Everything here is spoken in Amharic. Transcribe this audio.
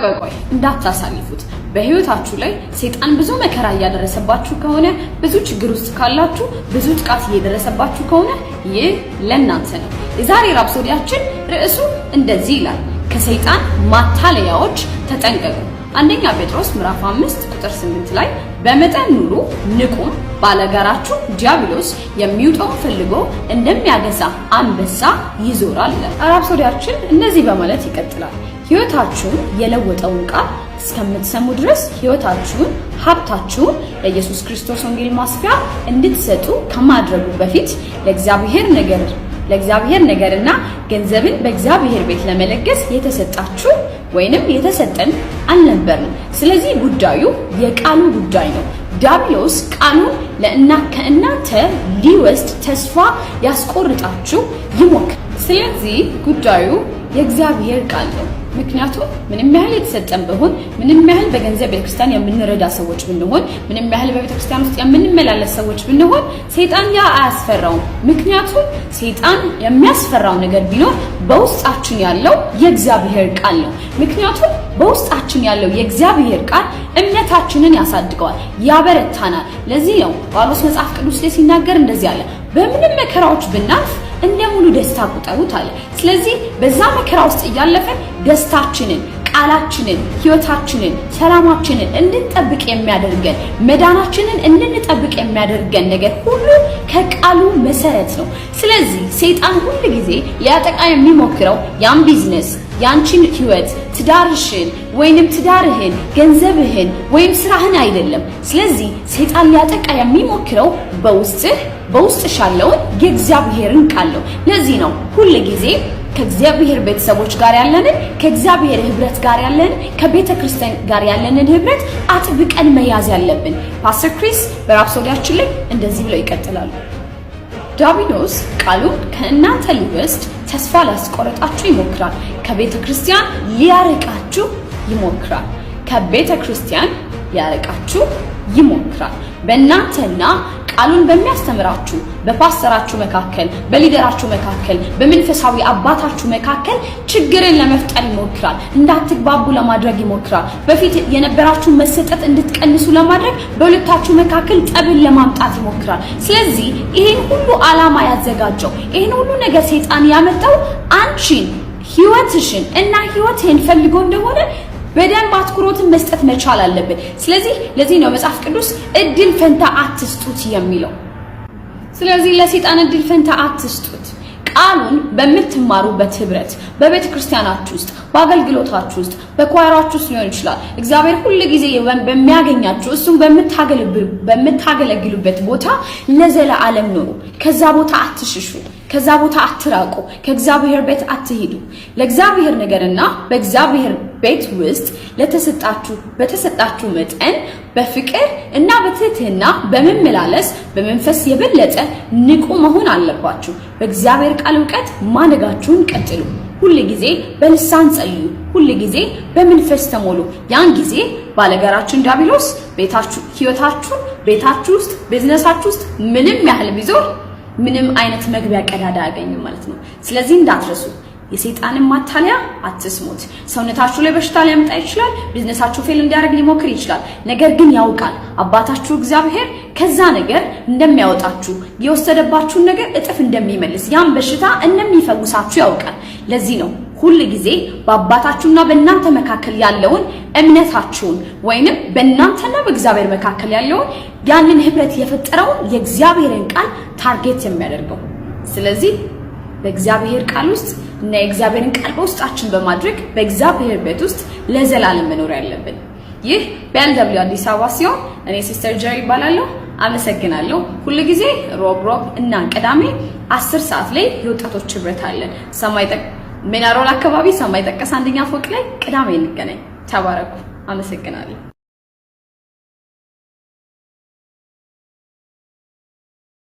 ሸበቋይ እንዳታሳልፉት። በህይወታችሁ ላይ ሰይጣን ብዙ መከራ እያደረሰባችሁ ከሆነ፣ ብዙ ችግር ውስጥ ካላችሁ፣ ብዙ ጥቃት እየደረሰባችሁ ከሆነ ይህ ለእናንተ ነው። የዛሬ ራፕሶዲያችን ርዕሱ እንደዚህ ይላል፣ ከሰይጣን ማታለያዎች ተጠንቀቁ። አንደኛ ጴጥሮስ ምዕራፍ 5 ቁጥር 8 ላይ በመጠን ኑሩ፣ ንቁም፣ ባለጋራችሁ ዲያብሎስ የሚውጣው ፈልጎ እንደሚያገሳ አንበሳ ይዞራል። ራፕሶዲያችን እንደዚህ በማለት ይቀጥላል። ህይወታችሁን የለወጠውን ቃል እስከምትሰሙ ድረስ ህይወታችሁን ሀብታችሁን ለኢየሱስ ክርስቶስ ወንጌል ማስፊያ እንድትሰጡ ከማድረጉ በፊት ለእግዚአብሔር ነገር ለእግዚአብሔር ነገርና ገንዘብን በእግዚአብሔር ቤት ለመለገስ የተሰጣችሁ ወይንም የተሰጠን አልነበርንም። ስለዚህ ጉዳዩ የቃሉ ጉዳይ ነው። ዲያብሎስ ቃሉን ለእና ከእናንተ ሊወስድ ተስፋ ያስቆርጣችሁ ይሞክራል። ስለዚህ ጉዳዩ የእግዚአብሔር ቃል ነው። ምክንያቱም ምንም ያህል የተሰጠን ብሆን ምንም ያህል በገንዘብ ቤተክርስቲያን የምንረዳ ሰዎች ብንሆን ምንም ያህል በቤተክርስቲያን ውስጥ የምንመላለስ ሰዎች ብንሆን ሰይጣን ያ አያስፈራውም። ምክንያቱም ሰይጣን የሚያስፈራው ነገር ቢኖር በውስጣችን ያለው የእግዚአብሔር ቃል ነው። ምክንያቱም በውስጣችን ያለው የእግዚአብሔር ቃል እምነታችንን ያሳድገዋል፣ ያበረታናል። ለዚህ ነው ጳውሎስ መጽሐፍ ቅዱስ ላይ ሲናገር እንደዚህ አለ፣ በምንም መከራዎች ብናልፍ እንደ ሙሉ ደስታ ቁጠሩት አለ። ስለዚህ በዛ መከራ ውስጥ እያለፈን ደስታችንን ቃላችንን ህይወታችንን ሰላማችንን እንድንጠብቅ የሚያደርገን መዳናችንን እንድንጠብቅ የሚያደርገን ነገር ሁሉ ከቃሉ መሰረት ነው። ስለዚህ ሰይጣን ሁል ጊዜ ሊያጠቃ የሚሞክረው ያም ቢዝነስ ያንቺን ህይወት ትዳርሽን ወይንም ትዳርህን ገንዘብህን ወይም ስራህን አይደለም። ስለዚህ ሰይጣን ሊያጠቃ የሚሞክረው በውስጥህ በውስጥሽ ያለውን የእግዚአብሔርን ቃል ነው። ለዚህ ነው ሁል ጊዜ ከእግዚአብሔር ቤተሰቦች ጋር ያለንን ከእግዚአብሔር ህብረት ጋር ያለንን ከቤተ ክርስቲያን ጋር ያለንን ህብረት አጥብቀን መያዝ ያለብን። ፓስተር ክሪስ በራፕሶዲያችን ላይ እንደዚህ ብለው ይቀጥላሉ። ዲያብሎስ ቃሉን ከእናንተ ሊወስድ ተስፋ ላስቆረጣችሁ ይሞክራል። ከቤተ ክርስቲያን ሊያርቃችሁ ይሞክራል። ከቤተ ክርስቲያን ሊያርቃችሁ ይሞክራል። በእናንተና ቃሉን በሚያስተምራችሁ በፓስተራችሁ መካከል፣ በሊደራችሁ መካከል፣ በመንፈሳዊ አባታችሁ መካከል ችግርን ለመፍጠር ይሞክራል። እንዳትግባቡ ለማድረግ ይሞክራል። በፊት የነበራችሁ መሰጠት እንድትቀንሱ ለማድረግ በሁለታችሁ መካከል ጠብን ለማምጣት ይሞክራል። ስለዚህ ይህን ሁሉ ዓላማ ያዘጋጀው ይህን ሁሉ ነገር ሰይጣን ያመጣው አንቺን ህይወትሽን እና ህይወትህን ፈልጎ እንደሆነ በደንብ አትኩሮትን መስጠት መቻል አለብን። ስለዚህ ለዚህ ነው መጽሐፍ ቅዱስ እድል ፈንታ አትስጡት የሚለው። ስለዚህ ለሴጣን እድል ፈንታ አትስጡት። ቃሉን በምትማሩበት ህብረት፣ በቤተ ክርስቲያናችሁ ውስጥ፣ በአገልግሎታችሁ ውስጥ፣ በኳራችሁ ውስጥ ሊሆን ይችላል። እግዚአብሔር ሁል ጊዜ በሚያገኛችሁ እሱም በምታገለግሉበት ቦታ ለዘላለም ኑሩ። ከዛ ቦታ አትሽሹ፣ ከዛ ቦታ አትራቁ፣ ከእግዚአብሔር ቤት አትሄዱ። ለእግዚአብሔር ነገርና በእግዚአብሔር ቤት ውስጥ ለተሰጣችሁ በተሰጣችሁ መጠን በፍቅር እና በትህትና በመመላለስ በመንፈስ የበለጠ ንቁ መሆን አለባችሁ። በእግዚአብሔር ቃል እውቀት ማደጋችሁን ቀጥሉ። ሁል ጊዜ በልሳን ጸልዩ፣ ሁል ጊዜ በመንፈስ ተሞሉ። ያን ጊዜ ባለጋራችን ዲያብሎስ ቤታችሁ፣ ህይወታችሁን፣ ቤታችሁ ህይወታችሁ ቤታችሁ ውስጥ ቢዝነሳችሁ ውስጥ ምንም ያህል ቢዞር ምንም አይነት መግቢያ ቀዳዳ አያገኝም ማለት ነው። ስለዚህ እንዳትረሱ የሰይጣንን ማታለያ አትስሙት። ሰውነታችሁ ላይ በሽታ ሊያመጣ ይችላል። ቢዝነሳችሁ ፌል እንዲያደርግ ሊሞክር ይችላል። ነገር ግን ያውቃል አባታችሁ እግዚአብሔር ከዛ ነገር እንደሚያወጣችሁ የወሰደባችሁን ነገር እጥፍ እንደሚመልስ ያን በሽታ እንደሚፈውሳችሁ ያውቃል። ለዚህ ነው ሁል ጊዜ በአባታችሁና በእናንተ መካከል ያለውን እምነታችሁን ወይንም በእናንተና በእግዚአብሔር መካከል ያለውን ያንን ህብረት የፈጠረውን የእግዚአብሔርን ቃል ታርጌት የሚያደርገው ስለዚህ በእግዚአብሔር ቃል ውስጥ እና የእግዚአብሔርን ቃል በውስጣችን በማድረግ በእግዚአብሔር ቤት ውስጥ ለዘላለም መኖር ያለብን። ይህ በኤልደብሊው አዲስ አበባ ሲሆን እኔ ሲስተር ጀሪ ይባላለሁ። አመሰግናለሁ። ሁል ጊዜ ሮብ ሮብ እና ቅዳሜ አስር ሰዓት ላይ የወጣቶች ህብረት አለን ሰማይ ሜናሮል አካባቢ ሰማይ ጠቀስ አንደኛ ፎቅ ላይ ቅዳሜ እንገናኝ። ተባረኩ። አመሰግናለሁ።